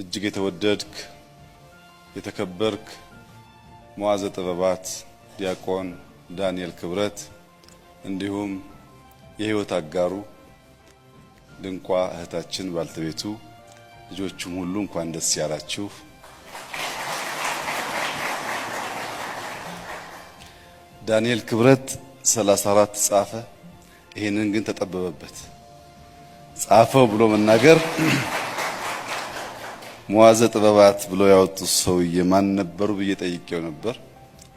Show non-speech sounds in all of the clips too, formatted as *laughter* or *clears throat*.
እጅግ የተወደድክ የተከበርክ መዋዘ ጥበባት ዲያቆን ዳንኤል ክብረት እንዲሁም የህይወት አጋሩ ድንቋ እህታችን ባልተቤቱ ልጆቹም ሁሉ እንኳን ደስ ያላችሁ። ዳንኤል ክብረት 34 ጻፈ። ይሄንን ግን ተጠበበበት ጻፈው ብሎ መናገር *clears throat* መዋዘ ጥበባት ብለው ያወጡት ሰውዬ ማን ነበሩ ብዬ ጠይቄው ነበር።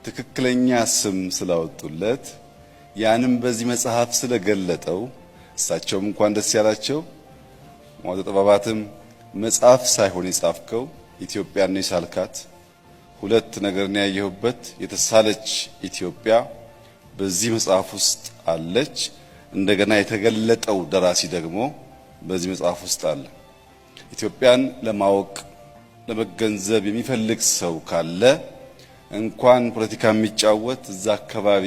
ትክክለኛ ስም ስላወጡለት ያንም በዚህ መጽሐፍ ስለገለጠው እሳቸውም እንኳን ደስ ያላቸው። መዋዘ ጥበባትም መጽሐፍ ሳይሆን የጻፍከው ኢትዮጵያን የሳልካት ሁለት ነገር ያየሁበት። የተሳለች ኢትዮጵያ በዚህ መጽሐፍ ውስጥ አለች። እንደገና የተገለጠው ደራሲ ደግሞ በዚህ መጽሐፍ ውስጥ አለ። ኢትዮጵያን ለማወቅ ለመገንዘብ የሚፈልግ ሰው ካለ እንኳን ፖለቲካ የሚጫወት እዛ አካባቢ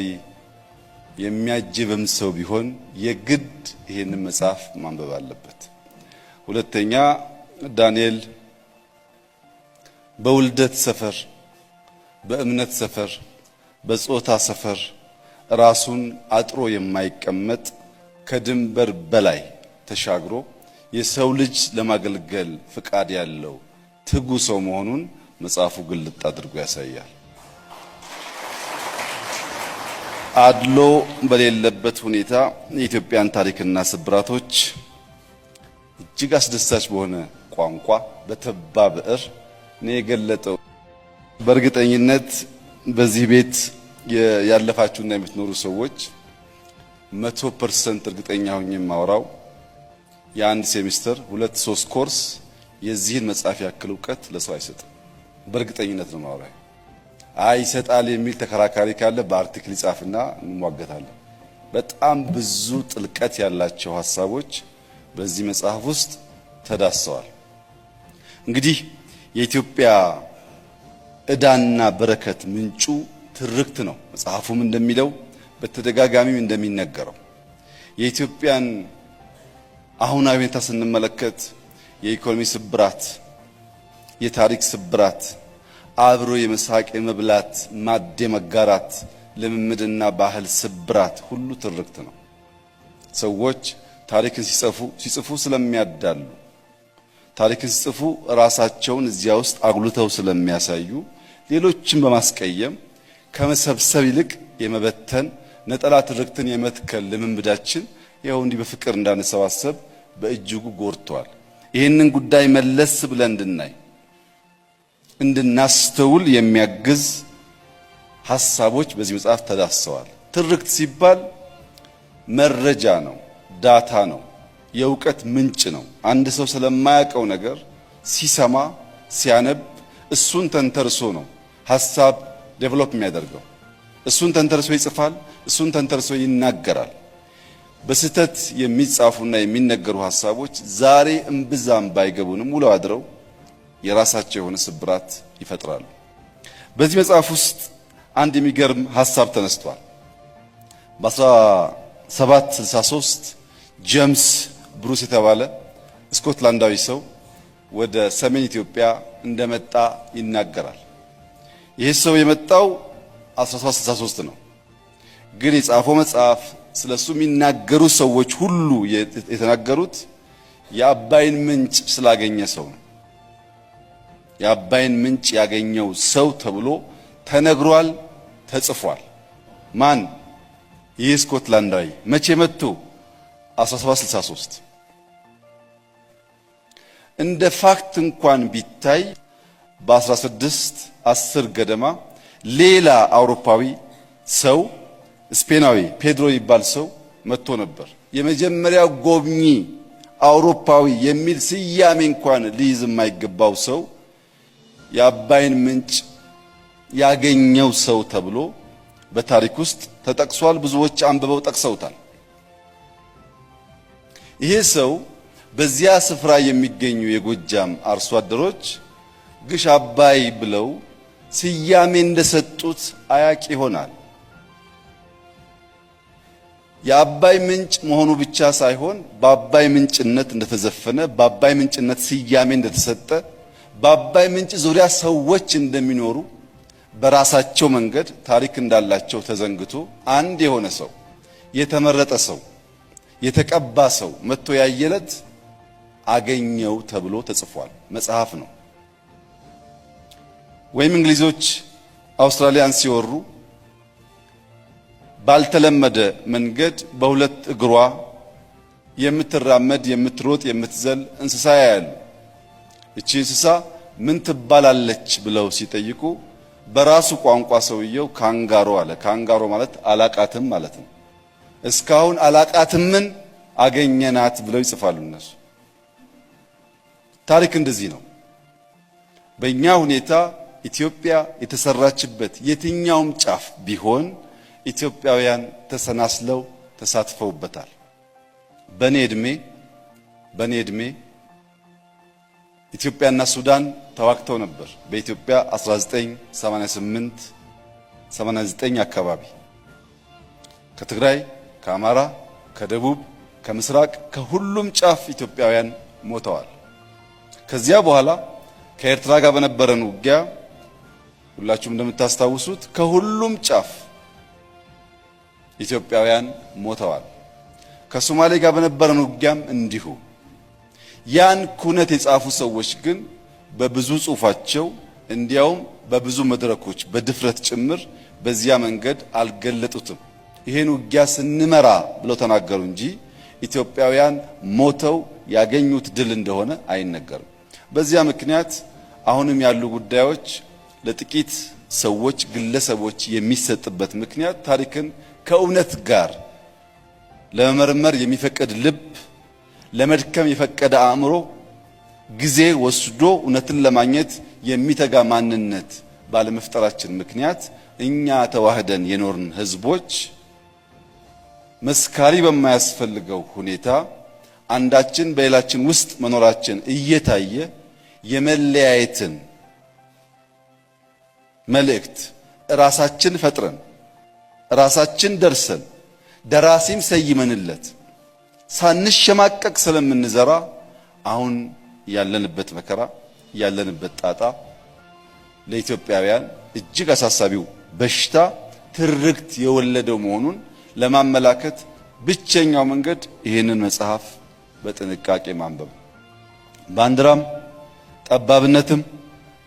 የሚያጅብም ሰው ቢሆን የግድ ይህንን መጽሐፍ ማንበብ አለበት። ሁለተኛ ዳንኤል በውልደት ሰፈር፣ በእምነት ሰፈር፣ በጾታ ሰፈር ራሱን አጥሮ የማይቀመጥ ከድንበር በላይ ተሻግሮ የሰው ልጅ ለማገልገል ፍቃድ ያለው ትጉ ሰው መሆኑን መጽሐፉ ግልጥ አድርጎ ያሳያል። አድሎ በሌለበት ሁኔታ የኢትዮጵያን ታሪክና ስብራቶች እጅግ አስደሳች በሆነ ቋንቋ በተባ ብዕር ነው የገለጠው። በእርግጠኝነት በዚህ ቤት ያለፋችሁና የምትኖሩ ሰዎች መቶ ፐርሰንት እርግጠኛ ሁኝ የማወራው የአንድ ሴሚስተር ሁለት ሶስት ኮርስ የዚህን መጽሐፍ ያክል እውቀት ለሰው አይሰጥም። በእርግጠኝነት ነው ማውራ አይ ይሰጣል የሚል ተከራካሪ ካለ በአርቲክል ይጻፍና እንሟገታለን። በጣም ብዙ ጥልቀት ያላቸው ሀሳቦች በዚህ መጽሐፍ ውስጥ ተዳሰዋል። እንግዲህ የኢትዮጵያ እዳና በረከት ምንጩ ትርክት ነው። መጽሐፉም እንደሚለው በተደጋጋሚም እንደሚነገረው የኢትዮጵያን አሁናዊ ሁኔታ ስንመለከት የኢኮኖሚ ስብራት፣ የታሪክ ስብራት፣ አብሮ የመሳቅ የመብላት ማድ የመጋራት ልምምድና ባህል ስብራት ሁሉ ትርክት ነው። ሰዎች ታሪክን ሲጽፉ ሲጽፉ ስለሚያዳሉ ታሪክን ሲጽፉ ራሳቸውን እዚያ ውስጥ አጉልተው ስለሚያሳዩ ሌሎችን በማስቀየም ከመሰብሰብ ይልቅ የመበተን ነጠላ ትርክትን የመትከል ልምምዳችን ይኸው እንዲህ በፍቅር እንዳንሰባሰብ በእጅጉ ጎድቷል። ይህንን ጉዳይ መለስ ብለን እንድናይ እንድናስተውል የሚያግዝ ሀሳቦች በዚህ መጽሐፍ ተዳስሰዋል። ትርክት ሲባል መረጃ ነው፣ ዳታ ነው፣ የእውቀት ምንጭ ነው። አንድ ሰው ስለማያውቀው ነገር ሲሰማ፣ ሲያነብ እሱን ተንተርሶ ነው ሀሳብ ዴቨሎፕ የሚያደርገው። እሱን ተንተርሶ ይጽፋል፣ እሱን ተንተርሶ ይናገራል። በስህተት የሚጻፉና የሚነገሩ ሀሳቦች ዛሬ እምብዛም ባይገቡንም ውለው አድረው የራሳቸው የሆነ ስብራት ይፈጥራሉ። በዚህ መጽሐፍ ውስጥ አንድ የሚገርም ሀሳብ ተነስቷል። በ1763 ጀምስ ብሩስ የተባለ ስኮትላንዳዊ ሰው ወደ ሰሜን ኢትዮጵያ እንደመጣ ይናገራል። ይህ ሰው የመጣው 1763 ነው። ግን የጻፈው መጽሐፍ ስለሱ የሚናገሩ ሰዎች ሁሉ የተናገሩት የአባይን ምንጭ ስላገኘ ሰው ነው። የአባይን ምንጭ ያገኘው ሰው ተብሎ ተነግሯል፣ ተጽፏል። ማን? ይህ ስኮትላንዳዊ መቼ መጥቶ 1763 እንደ ፋክት እንኳን ቢታይ በ 16 10 ገደማ ሌላ አውሮፓዊ ሰው ስፔናዊ ፔድሮ ይባል ሰው መጥቶ ነበር። የመጀመሪያ ጎብኚ አውሮፓዊ የሚል ስያሜ እንኳን ሊይዝ የማይገባው ሰው የአባይን ምንጭ ያገኘው ሰው ተብሎ በታሪክ ውስጥ ተጠቅሷል። ብዙዎች አንብበው ጠቅሰውታል። ይሄ ሰው በዚያ ስፍራ የሚገኙ የጎጃም አርሶ አደሮች ግሽ አባይ ብለው ስያሜ እንደሰጡት አያቅ ይሆናል። የአባይ ምንጭ መሆኑ ብቻ ሳይሆን በአባይ ምንጭነት እንደተዘፈነ በአባይ ምንጭነት ስያሜ እንደተሰጠ በአባይ ምንጭ ዙሪያ ሰዎች እንደሚኖሩ በራሳቸው መንገድ ታሪክ እንዳላቸው ተዘንግቶ አንድ የሆነ ሰው የተመረጠ ሰው የተቀባ ሰው መጥቶ ያየለት አገኘው ተብሎ ተጽፏል። መጽሐፍ ነው። ወይም እንግሊዞች አውስትራሊያን ሲወሩ ባልተለመደ መንገድ በሁለት እግሯ የምትራመድ የምትሮጥ የምትዘል እንስሳ ያያሉ። እቺ እንስሳ ምን ትባላለች ብለው ሲጠይቁ በራሱ ቋንቋ ሰውየው ካንጋሮ አለ። ካንጋሮ ማለት አላቃትም ማለት ነው። እስካሁን አላቃትምን አገኘናት ብለው ይጽፋሉ እነሱ። ታሪክ እንደዚህ ነው። በእኛ ሁኔታ ኢትዮጵያ የተሰራችበት የትኛውም ጫፍ ቢሆን ኢትዮጵያውያን ተሰናስለው ተሳትፈውበታል። በኔ እድሜ በኔ እድሜ ኢትዮጵያና ሱዳን ተዋግተው ነበር። በኢትዮጵያ 1988 89 አካባቢ ከትግራይ፣ ከአማራ፣ ከደቡብ፣ ከምስራቅ ከሁሉም ጫፍ ኢትዮጵያውያን ሞተዋል። ከዚያ በኋላ ከኤርትራ ጋር በነበረን ውጊያ ሁላችሁም እንደምታስታውሱት ከሁሉም ጫፍ ኢትዮጵያውያን ሞተዋል። ከሶማሌ ጋር በነበረን ውጊያም እንዲሁ። ያን ኩነት የጻፉ ሰዎች ግን በብዙ ጽሁፋቸው እንዲያውም በብዙ መድረኮች በድፍረት ጭምር በዚያ መንገድ አልገለጡትም። ይህን ውጊያ ስንመራ ብለው ተናገሩ እንጂ ኢትዮጵያውያን ሞተው ያገኙት ድል እንደሆነ አይነገርም። በዚያ ምክንያት አሁንም ያሉ ጉዳዮች ለጥቂት ሰዎች፣ ግለሰቦች የሚሰጥበት ምክንያት ታሪክን ከእውነት ጋር ለመመርመር የሚፈቀድ ልብ፣ ለመድከም የፈቀደ አእምሮ፣ ጊዜ ወስዶ እውነትን ለማግኘት የሚተጋ ማንነት ባለመፍጠራችን ምክንያት እኛ ተዋህደን የኖርን ህዝቦች መስካሪ በማያስፈልገው ሁኔታ አንዳችን በሌላችን ውስጥ መኖራችን እየታየ የመለያየትን መልእክት ራሳችን ፈጥረን ራሳችን ደርሰን ደራሲም ሰይመንለት ሳንሸማቀቅ ስለምንዘራ አሁን ያለንበት መከራ ያለንበት ጣጣ ለኢትዮጵያውያን እጅግ አሳሳቢው በሽታ ትርክት የወለደው መሆኑን ለማመላከት ብቸኛው መንገድ ይህንን መጽሐፍ በጥንቃቄ ማንበብ። ባንዲራም፣ ጠባብነትም፣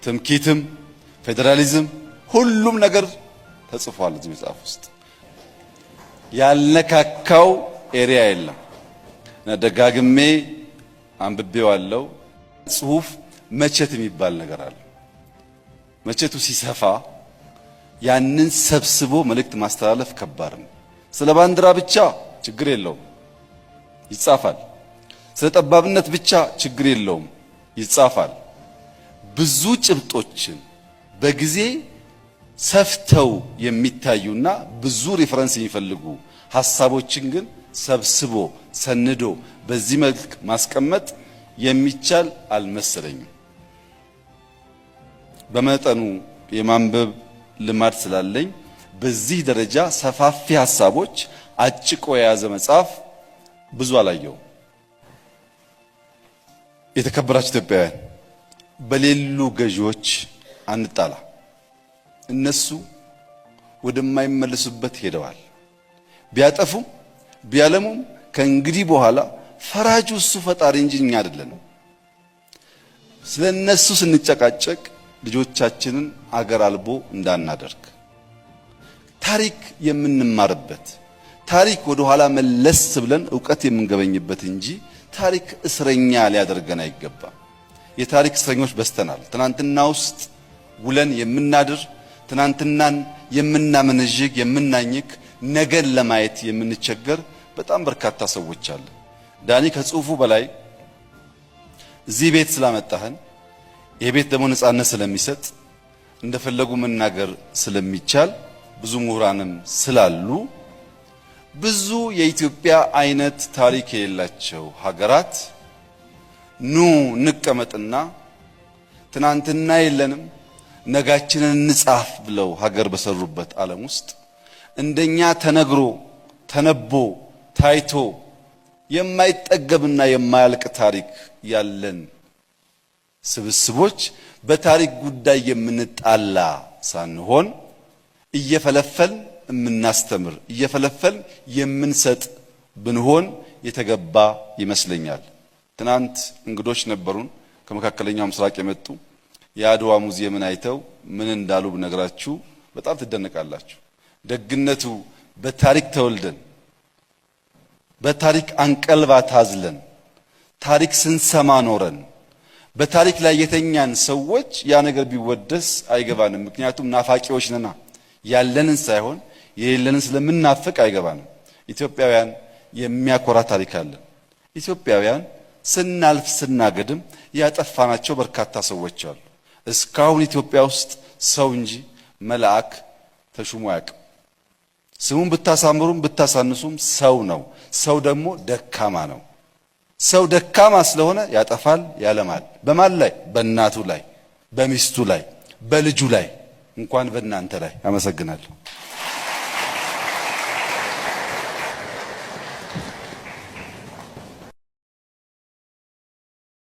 ትምኪትም፣ ፌዴራሊዝም ሁሉም ነገር ተጽፏል። እዚህ መጽሐፍ ውስጥ ያልነካካው ኤሪያ የለም እና ደጋግሜ አንብቤዋለሁ። ጽሁፍ መቼት የሚባል ነገር አለ። መቼቱ ሲሰፋ ያንን ሰብስቦ መልእክት ማስተላለፍ ከባድ ነው። ስለ ባንዲራ ብቻ ችግር የለውም ይጻፋል። ስለ ጠባብነት ብቻ ችግር የለውም ይጻፋል። ብዙ ጭብጦችን በጊዜ ሰፍተው የሚታዩና ብዙ ሪፈረንስ የሚፈልጉ ሀሳቦችን ግን ሰብስቦ ሰንዶ በዚህ መልክ ማስቀመጥ የሚቻል አልመሰለኝም። በመጠኑ የማንበብ ልማድ ስላለኝ በዚህ ደረጃ ሰፋፊ ሀሳቦች አጭቆ የያዘ መጽሐፍ ብዙ አላየውም። የተከበራችሁ ኢትዮጵያውያን፣ በሌሉ ገዢዎች አንጣላ። እነሱ ወደማይመለሱበት ሄደዋል። ቢያጠፉም ቢያለሙም ከእንግዲህ በኋላ ፈራጁ እሱ ፈጣሪ እንጂ እኛ አይደለንም። ስለ እነሱ ስንጨቃጨቅ ልጆቻችንን አገር አልቦ እንዳናደርግ ታሪክ የምንማርበት ታሪክ ወደ ኋላ መለስ ብለን እውቀት የምንገበኝበት እንጂ ታሪክ እስረኛ ሊያደርገን አይገባም። የታሪክ እስረኞች በስተናል። ትናንትና ውስጥ ውለን የምናድር ትናንትናን የምናመነዥግ የምናኝክ ነገን ለማየት የምንቸገር በጣም በርካታ ሰዎች አለ። ዳኒ ከጽሁፉ በላይ እዚህ ቤት ስላመጣህን ይህ ቤት ደግሞ ነጻነት ስለሚሰጥ እንደፈለጉ መናገር ስለሚቻል ብዙ ምሁራንም ስላሉ ብዙ የኢትዮጵያ አይነት ታሪክ የሌላቸው ሀገራት ኑ እንቀመጥና ትናንትና የለንም ነጋችንን እንጻፍ ብለው ሀገር በሰሩበት ዓለም ውስጥ እንደኛ ተነግሮ ተነቦ ታይቶ የማይጠገብና የማያልቅ ታሪክ ያለን ስብስቦች በታሪክ ጉዳይ የምንጣላ ሳንሆን እየፈለፈል የምናስተምር እየፈለፈል የምንሰጥ ብንሆን የተገባ ይመስለኛል። ትናንት እንግዶች ነበሩን ከመካከለኛው ምስራቅ የመጡ የአድዋ ሙዚየምን አይተው ምን እንዳሉ ብነግራችሁ በጣም ትደነቃላችሁ። ደግነቱ በታሪክ ተወልደን በታሪክ አንቀልባ ታዝለን ታሪክ ስንሰማ ኖረን በታሪክ ላይ የተኛን ሰዎች ያ ነገር ቢወደስ አይገባንም። ምክንያቱም ናፋቂዎች ነና ያለንን ሳይሆን የሌለንን ስለምናፍቅ አይገባንም። ኢትዮጵያውያን የሚያኮራ ታሪክ አለን። ኢትዮጵያውያን ስናልፍ ስናገድም ያጠፋናቸው በርካታ ሰዎች አሉ። እስካሁን ኢትዮጵያ ውስጥ ሰው እንጂ መልአክ ተሹሞ አያውቅም። ስሙን ብታሳምሩም ብታሳንሱም ሰው ነው። ሰው ደግሞ ደካማ ነው። ሰው ደካማ ስለሆነ ያጠፋል፣ ያለማል። በማን ላይ? በእናቱ ላይ፣ በሚስቱ ላይ፣ በልጁ ላይ፣ እንኳን በእናንተ ላይ። አመሰግናለሁ።